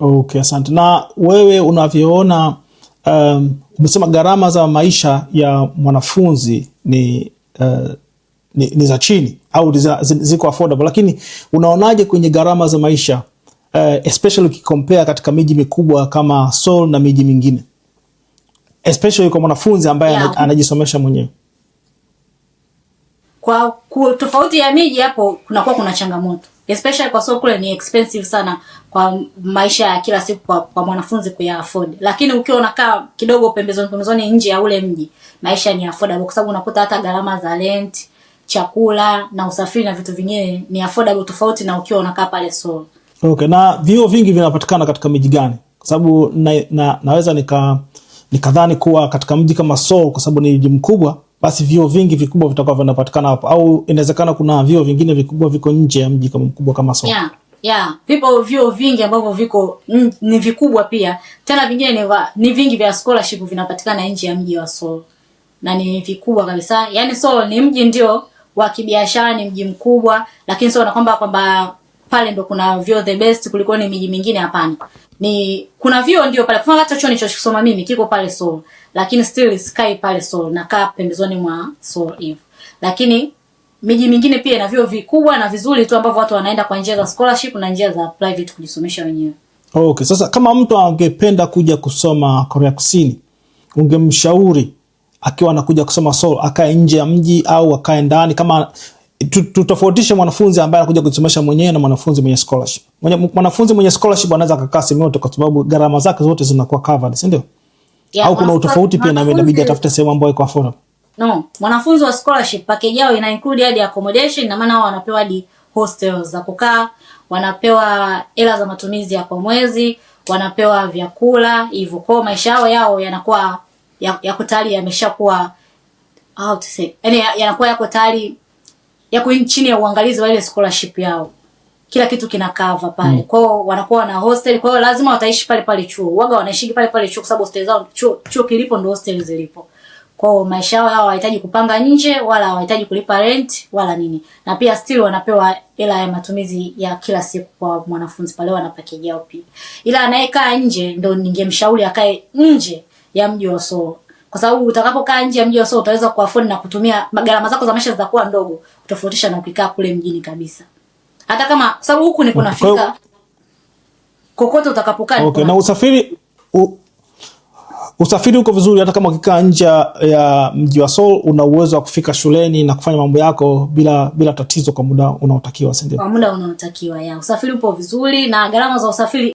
Okay, asante. Na wewe unavyoona, um, umesema gharama za maisha ya mwanafunzi ni, uh, ni, ni za chini au ziko affordable, lakini unaonaje kwenye gharama za maisha uh, especially ukikompea katika miji mikubwa kama Seoul na miji mingine especially kwa mwanafunzi ambaye yeah, anajisomesha mwenyewe kwa tofauti ya miji hapo kunakuwa kuna changamoto especially kwa sababu kule ni expensive sana kwa maisha ya kila siku kwa, kwa mwanafunzi kuya afford, lakini ukiwa unakaa kidogo pembezoni pembezoni nje ya ule mji maisha ni affordable, kwa sababu unakuta hata gharama za rent, chakula na usafiri na vitu vingine ni affordable, tofauti na ukiwa unakaa pale Solo. Okay, na vyuo vingi vinapatikana katika miji gani? Kwa sababu na, na, naweza nika nikadhani kuwa katika mji kama Solo kwa sababu ni mji mkubwa basi vyuo vingi vikubwa vitakuwa vinapatikana hapo, au inawezekana kuna vyuo vingine vikubwa viko nje ya mji kama mkubwa kama soko yeah. Yeah, vipo vyuo vingi ambavyo viko mm, ni vikubwa pia tena, vingine ni, va, ni vingi vya scholarship vinapatikana nje ya mji wa Songwe na ni vikubwa kabisa. Yaani Songwe ni mji ndio wa kibiashara, ni mji mkubwa, lakini sio na kwamba kwamba pale ndo kuna vyo the best kuliko ni miji mingine? Hapana, ni kuna vyo ndio pale kwa Hata chuo nilichosoma mimi kiko pale Sol, lakini still sky pale na nakaa pembezoni mwa Sol hivyo, lakini miji mingine pia ina vyo vikubwa na vizuri tu ambavyo watu wanaenda kwa njia za scholarship na njia za private kujisomesha wenyewe. Oh, okay, sasa kama mtu angependa kuja kusoma Korea Kusini, ungemshauri akiwa anakuja kusoma Seoul akae nje ya mji au akae ndani? Kama tutofautishe mwanafunzi ambaye anakuja kujisomesha mwenyewe na mwanafunzi mwenye scholarship. Mwenye, Mwanafunzi mwenye scholarship anaweza akakaa sehemu yote kwa sababu gharama zake zote zinakuwa covered, si ndio? Yeah, au kuna utofauti pia, na inabidi atafute sehemu ambayo iko affordable. No, mwanafunzi wa scholarship package yao ina include hadi accommodation, na maana wao wanapewa hadi hostels za kukaa, wanapewa hela za matumizi ya kwa mwezi, wanapewa vyakula hivyo. kwa maisha yao yao yanakuwa ya, ya kutayari yameshakuwa how to say, Yaani yanakuwa yako tayari yako chini ya uangalizi wa ile scholarship yao. Kila kitu kina cover pale. Mm. Kwao wanakuwa na hostel, kwao lazima wataishi pale pale chuo. Waga wanaishi pale pale chuo kwa sababu hostel zao chuo, chuo kilipo ndio hostel zilipo. Kwao maisha yao hawahitaji kupanga nje wala hawahitaji kulipa rent wala nini. Na pia still wanapewa hela ya matumizi ya kila siku kwa mwanafunzi pale wana package yao pia. Ila anayekaa nje ndio ningemshauri akae nje ya mji wa Soho kwa sababu utakapokaa nje ya mji wa Sowe utaweza kuafford na kutumia gharama zako za maisha zitakuwa ndogo kutofautisha na ukikaa kule mjini kabisa, hata kama sababu huku ni kunafika kokote utakapokaa. Okay, na usafiri u, usafiri uko vizuri, hata kama ukikaa nje ya mji wa sol una uwezo wa kufika shuleni na kufanya mambo yako bila bila tatizo, kwa muda unaotakiwa, Kwa muda unaotakiwa, ya usafiri upo vizuri na gharama za usafiri